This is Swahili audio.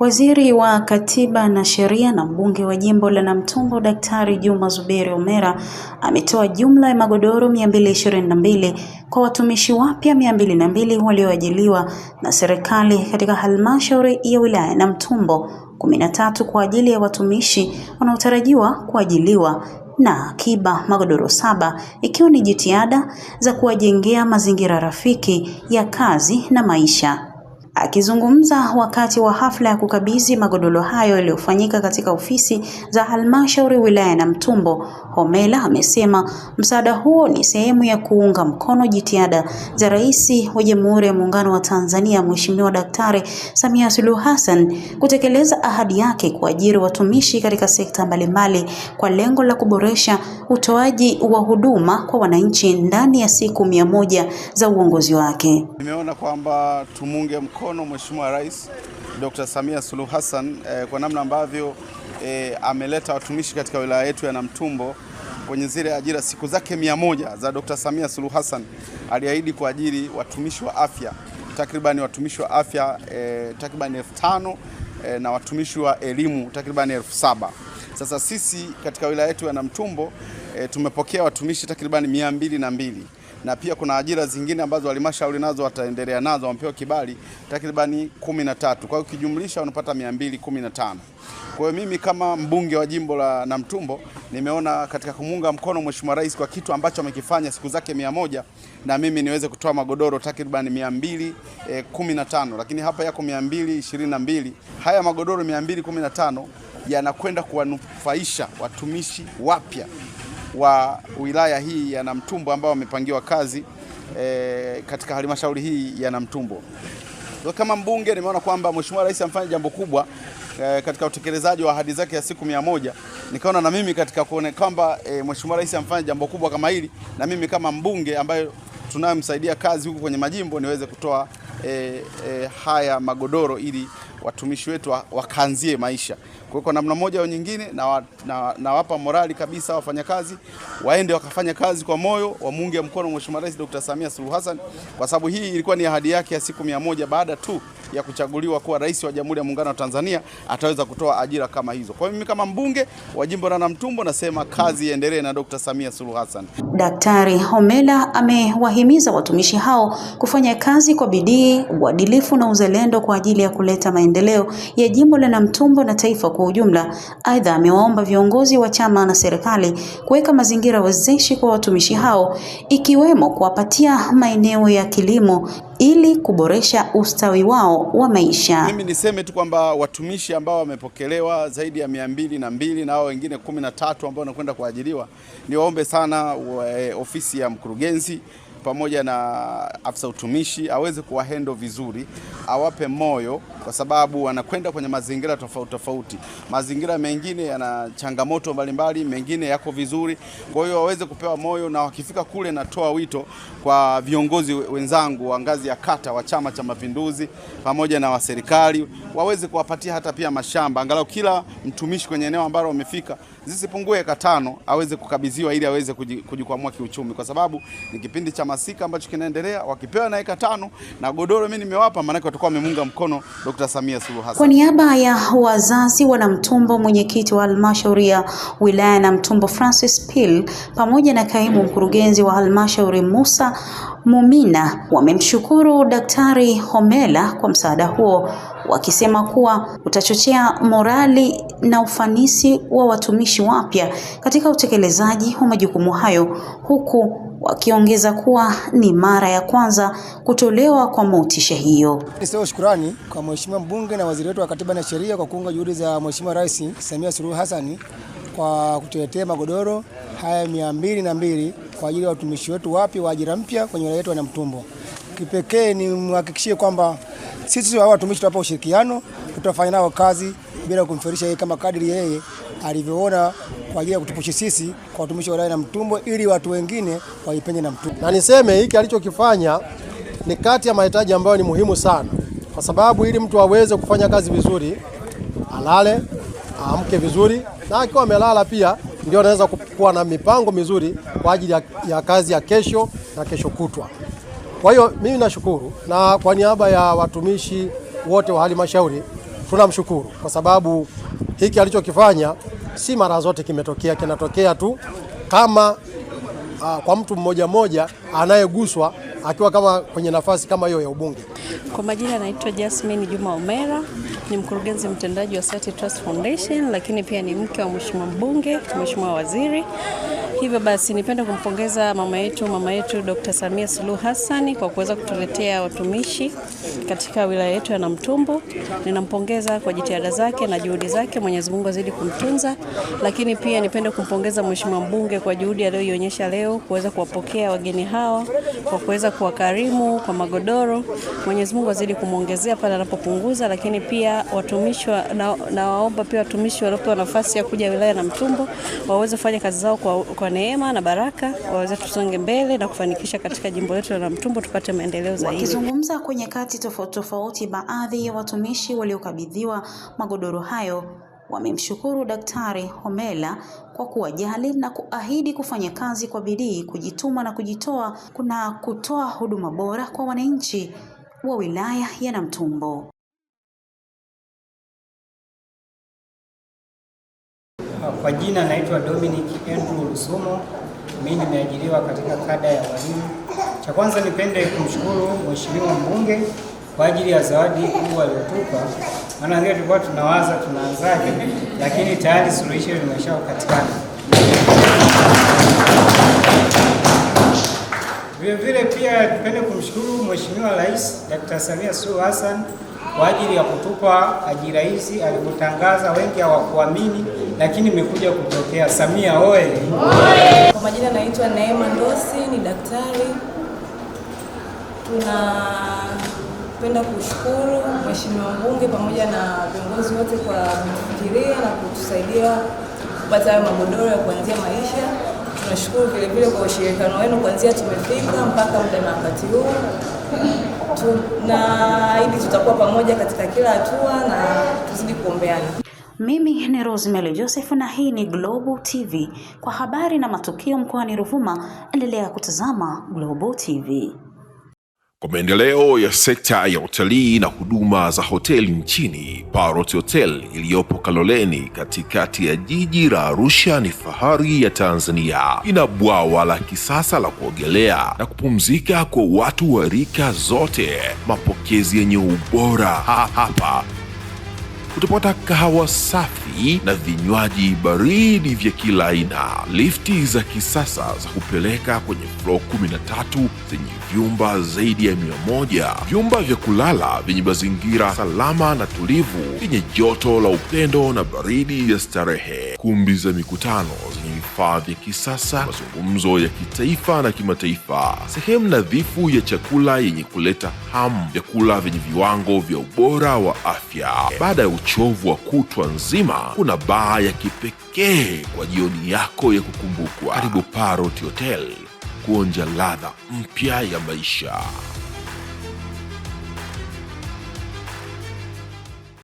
Waziri wa Katiba na Sheria na mbunge wa jimbo la Namtumbo Daktari Juma Zuberi Homera ametoa jumla ya magodoro 222 kwa watumishi wapya 202 walioajiliwa na serikali katika halmashauri ya wilaya ya Namtumbo, 13 kwa ajili ya watumishi wanaotarajiwa kuajiliwa na akiba magodoro saba ikiwa ni jitihada za kuwajengea mazingira rafiki ya kazi na maisha. Akizungumza wakati wa hafla ya kukabidhi magodoro hayo yaliyofanyika katika ofisi za halmashauri wilaya na Namtumbo, Homela amesema msaada huo ni sehemu ya kuunga mkono jitihada za Rais wa Jamhuri ya Muungano wa Tanzania Mheshimiwa Daktari Samia Suluhu Hassan kutekeleza ahadi yake kuajiri watumishi katika sekta mbalimbali kwa lengo la kuboresha utoaji wa huduma kwa wananchi ndani ya siku mia moja za uongozi wake. Nimeona kwamba tumunge mkono mkono Mheshimiwa Rais Dr. Samia Suluhu Hassan eh, kwa namna ambavyo eh, ameleta watumishi katika wilaya yetu ya Namtumbo kwenye zile ajira siku zake mia moja za Dr. Samia Suluhu Hassan aliahidi kuajiri watumishi wa afya takribani watumishi wa afya eh, takribani elfu tano eh, na watumishi wa elimu takribani elfu saba. Sasa sisi katika wilaya yetu ya Namtumbo eh, tumepokea watumishi takriban mia mbili na mbili na pia kuna ajira zingine ambazo halmashauri nazo wataendelea nazo, wamepewa kibali takribani kumi na tatu. Kwa hiyo ukijumlisha unapata mia mbili kumi na tano. Kwa hiyo mimi kama mbunge wa jimbo la Namtumbo nimeona katika kumuunga mkono Mheshimiwa Rais kwa kitu ambacho amekifanya siku zake mia moja na mimi niweze kutoa magodoro takribani mia mbili kumi na tano, lakini hapa yako mia mbili ishirini na mbili. Haya magodoro mia mbili kumi na tano yanakwenda kuwanufaisha watumishi wapya wa wilaya hii ya Namtumbo ambao wamepangiwa kazi e, katika halmashauri hii ya Namtumbo. Kwa kama mbunge nimeona kwamba Mheshimiwa Rais amfanya jambo kubwa e, katika utekelezaji wa ahadi zake ya siku mia moja. Nikaona na mimi katika kuona kwamba e, Mheshimiwa Rais amfanya jambo kubwa kama hili, na mimi kama mbunge ambaye tunayemsaidia kazi huku kwenye majimbo niweze kutoa e, e, haya magodoro ili watumishi wetu wakaanzie maisha. Kwa hiyo namna moja au nyingine, nawapa na, na, na morali kabisa wafanyakazi waende wakafanya kazi kwa moyo, wamuunge mkono Mheshimiwa Rais Dr. Samia Suluhu Hassan, kwa sababu hii ilikuwa ni ahadi yake ya siku mia moja baada tu ya kuchaguliwa kuwa rais wa Jamhuri ya Muungano wa Tanzania ataweza kutoa ajira kama hizo. Kwa mimi kama mbunge wa jimbo la Namtumbo nasema kazi iendelee na Dr. Samia Suluhu Hassan. Daktari Homela amewahimiza watumishi hao kufanya kazi kwa bidii, uadilifu na uzalendo kwa ajili ya kuleta maendeleo ya jimbo la Namtumbo na taifa kwa ujumla. Aidha, amewaomba viongozi wa chama na serikali kuweka mazingira wezeshi kwa watumishi hao ikiwemo kuwapatia maeneo ya kilimo ili kuboresha ustawi wao wa maisha. Mimi niseme tu kwamba watumishi ambao wamepokelewa zaidi ya mia mbili na mbili na hao wengine kumi na tatu ambao wanakwenda kuajiriwa, niwaombe sana eh, ofisi ya mkurugenzi pamoja na afisa utumishi aweze kuwahendo vizuri, awape moyo, kwa sababu wanakwenda kwenye mazingira tofauti tofauti. Mazingira mengine yana changamoto mbalimbali, mengine yako vizuri, kwa hiyo waweze kupewa moyo, na wakifika kule, natoa wito kwa viongozi wenzangu wa ngazi ya kata wa Chama cha Mapinduzi pamoja na wa serikali waweze kuwapatia hata pia mashamba, angalau kila mtumishi kwenye eneo ambalo wamefika zisipungue eka tano aweze kukabidhiwa ili aweze kujikwamua kiuchumi, kwa sababu ni kipindi cha masika ambacho kinaendelea. Wakipewa na eka tano na godoro mimi nimewapa, maanake watakuwa wamemunga mkono Dr. Samia Suluhu Hassan. Kwa niaba ya wazazi wa Mtumbo, mwenyekiti wa halmashauri ya wilaya na Namtumbo Francis Pil pamoja na kaimu mkurugenzi wa halmashauri Musa Mumina wamemshukuru Daktari Homela kwa msaada huo wakisema kuwa utachochea morali na ufanisi wa watumishi wapya katika utekelezaji wa majukumu hayo huku wakiongeza kuwa ni mara ya kwanza kutolewa kwa motisha hiyo. Nisema shukurani kwa Mheshimiwa mbunge na waziri wetu wa Katiba na Sheria kwa kuunga juhudi za Mheshimiwa Rais Samia Suluhu Hassan kwa kutuletea magodoro haya mia mbili na mbili kwa ajili ya watumishi wetu wapya wa ajira mpya kwenye wilaya yetu ya Namtumbo kipekee ni mhakikishie kwamba sisi wa watumishi tutawapa ushirikiano, tutafanya nao kazi bila kumferisha yeye, kama kadiri yeye alivyoona kwa ajili ya kutupushi sisi kwa watumishi wa wilaya Namtumbo, ili watu wengine na Namtumbo. Na niseme hiki alichokifanya ni kati ya mahitaji ambayo ni muhimu sana, kwa sababu ili mtu aweze kufanya kazi vizuri, alale, aamke vizuri, na akiwa amelala pia ndio anaweza kuwa na mipango mizuri kwa ajili ya, ya kazi ya kesho na kesho kutwa. Kwa hiyo mimi nashukuru na kwa niaba ya watumishi wote wa halmashauri tunamshukuru kwa sababu hiki alichokifanya si mara zote kimetokea, kinatokea tu kama uh, kwa mtu mmoja mmoja anayeguswa akiwa kama kwenye nafasi kama hiyo ya ubunge. Kwa majina anaitwa Jasmine Juma Omera, ni mkurugenzi mtendaji wa Sati Trust Foundation, lakini pia ni mke wa mheshimiwa mbunge, mheshimiwa waziri Hivyo basi nipende kumpongeza mama yetu mama yetu Dr. Samia Suluhu Hassan kwa kuweza kutuletea watumishi katika wilaya yetu ya Namtumbo. Ninampongeza kwa jitihada zake na juhudi zake, Mwenyezi Mungu azidi kumtunza. Lakini pia nipende kumpongeza mheshimiwa mbunge kwa juhudi aliyoionyesha leo kuweza kuwapokea wageni hawa, kwa kuweza kuwakarimu kwa magodoro. Mwenyezi Mungu azidi kumwongezea pale anapopunguza, lakini pia watumishi na, na waomba pia watumishi waliopewa nafasi ya kuja wilaya ya Namtumbo waweze kufanya kazi zao kwa, kwa neema na baraka waweze tusonge mbele na kufanikisha katika jimbo letu la Namtumbo tupate maendeleo zaidi. Wakizungumza kwenye kati tofauti tofauti, baadhi ya watumishi waliokabidhiwa magodoro hayo wamemshukuru Daktari Homela kwa kuwajali na kuahidi kufanya kazi kwa bidii, kujituma na kujitoa kuna kutoa huduma bora kwa wananchi wa wilaya ya Namtumbo. Kwa jina naitwa Dominic Andrew Lusumo, mimi nimeajiriwa katika kada ya walimu. Cha kwanza nipende kumshukuru Mheshimiwa mbunge kwa ajili ya zawadi kubwa aliyotupa, maana ngine tulikuwa tunawaza tunaanzaje, lakini tayari suluhisho limeshapatikana. Vilevile pia nipende kumshukuru Mheshimiwa Rais Dr. Samia Suluhu Hassan kwa ajili ya kutupa ajira hizi. Alipotangaza wengi hawakuamini, lakini imekuja kutokea. Samia oye! Kwa majina naitwa Neema Ndosi, ni daktari. Tunapenda kushukuru Mheshimiwa mbunge pamoja na viongozi wote kwa kutufikiria na kutusaidia kupata hayo magodoro ya kuanzia maisha tunashukuru vile vile kwa ushirikiano wenu kuanzia tumefika mpaka ule wakati huu. Tunaahidi tutakuwa pamoja katika kila hatua na tuzidi kuombeana. Mimi ni Rosemary Joseph na hii ni Global TV. Kwa habari na matukio mkoani Ruvuma, endelea kutazama Global TV. Kwa maendeleo ya sekta ya utalii na huduma za hoteli nchini, Parrot Hotel iliyopo Kaloleni katikati ya jiji la Arusha ni fahari ya Tanzania. Ina bwawa la kisasa la kuogelea na kupumzika kwa watu wa rika zote, mapokezi yenye ubora. Ha, hapa utapata kahawa safi na vinywaji baridi vya kila aina, lifti za kisasa za kupeleka kwenye flo 13 zenye vyumba zaidi ya mia moja, vyumba vya kulala vyenye mazingira salama na tulivu, vyenye joto la upendo na baridi ya starehe, kumbi za mikutano zenye hifadhi ya kisasa, mazungumzo ya kitaifa na kimataifa, sehemu nadhifu ya chakula yenye kuleta hamu, vyakula vyenye viwango vya ubora wa afya. Baada ya uchovu wa kutwa nzima, kuna baa ya kipekee kwa jioni yako ya kukumbukwa. Karibu Paroti Hotel kuonja ladha mpya ya maisha.